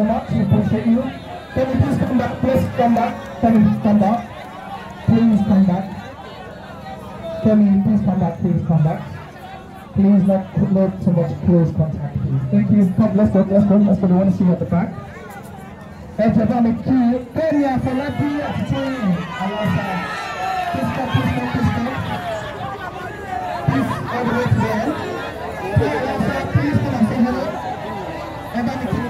so much. We appreciate you. Can you please come back? Please come back. Can you come back? Please come back. Can you please come back? Please come back. Please not, not too much close contact, please. Thank you. God bless God. Let's go. Let's go. We want to see you at the back. Ejabami Ki, Kenya, Falapi, Atin, Alasa. Please come, please come, please come. Please, all the way to the end. Please, come and say hello. Ejabami Ki,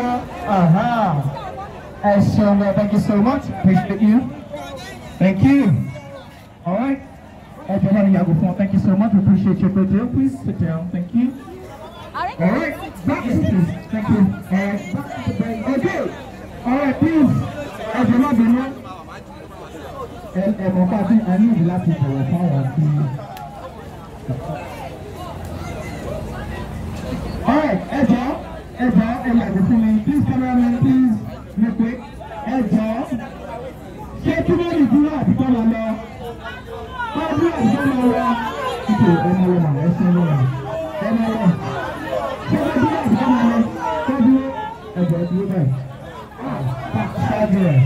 Aha. Uh -huh. So uh, thank you so much. Appreciate you. Thank you. All right. At the head of thank you so much. We appreciate your good deal. Please sit down. Thank you. All right. Back to this. Thank you. And back to the bank. Okay. All right, please. As you know, and, and, and, and, and, and, and, and, and, and, ẹ jọ ẹ yàgò fún mi please cameraman please mo pé ẹ jọ ṣé kí ló rí dúró àti kọ́ máa lọ kọ́ dúró àti kọ́ máa lọ ìtò ẹ máa lọ màá ẹ ṣe lọ màá ẹ máa lọ ṣé kọ́ dúró àti kọ́ máa lọ kọ́ dúró ẹ jọ ẹ dúró báyìí ṣáájú ah, ẹ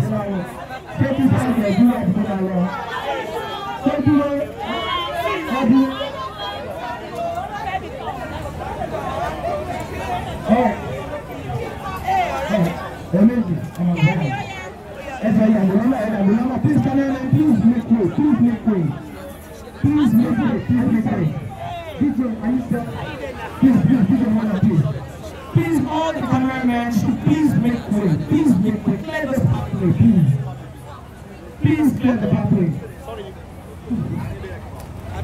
ṣé kí ṣáájú ẹ dúró àti kọ́ máa lọ kọ́ dúró kọ́ dúró. changes on please come on please make way please make way please make way please make way DJ Anita please please DJ Mwana please please all the cameramen should please make way please make way clear the pathway please please clear the pathway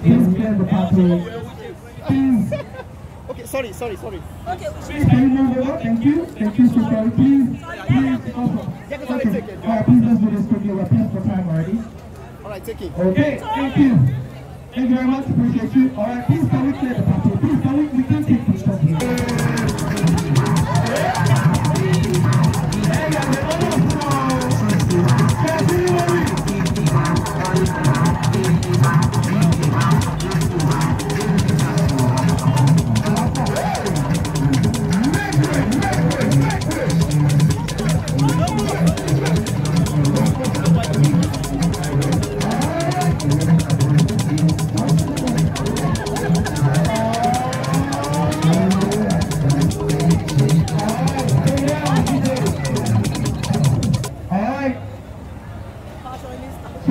please clear the pathway please. Okay, sorry, sorry, sorry. Okay, please we should... Thank you, thank you, security. Please, please, please. Okay, all right, please let's do this quickly. We're pressed for time already. All right, take it. Okay, thank you. Thank you very much, appreciate you. All right, please can we clear the party? Please can we, we can take this from here.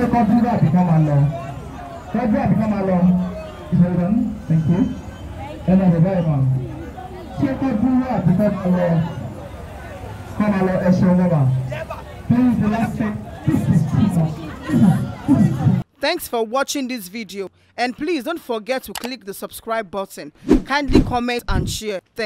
pé kọ́ dúró àbí kọ́ máa lọ kọ́ dúró àbí máa lọ ìṣẹ̀lẹ̀ dán thank you ẹnu ọ̀rọ̀ báyìí mà ṣé kọ́ dúró àbí kọ́ máa lọ kọ́ máa lọ ẹ̀ṣẹ̀ wọn mà please the last thing this is Thanks for watching this video and please don't forget to click the subscribe button. Kindly comment and share. Thanks.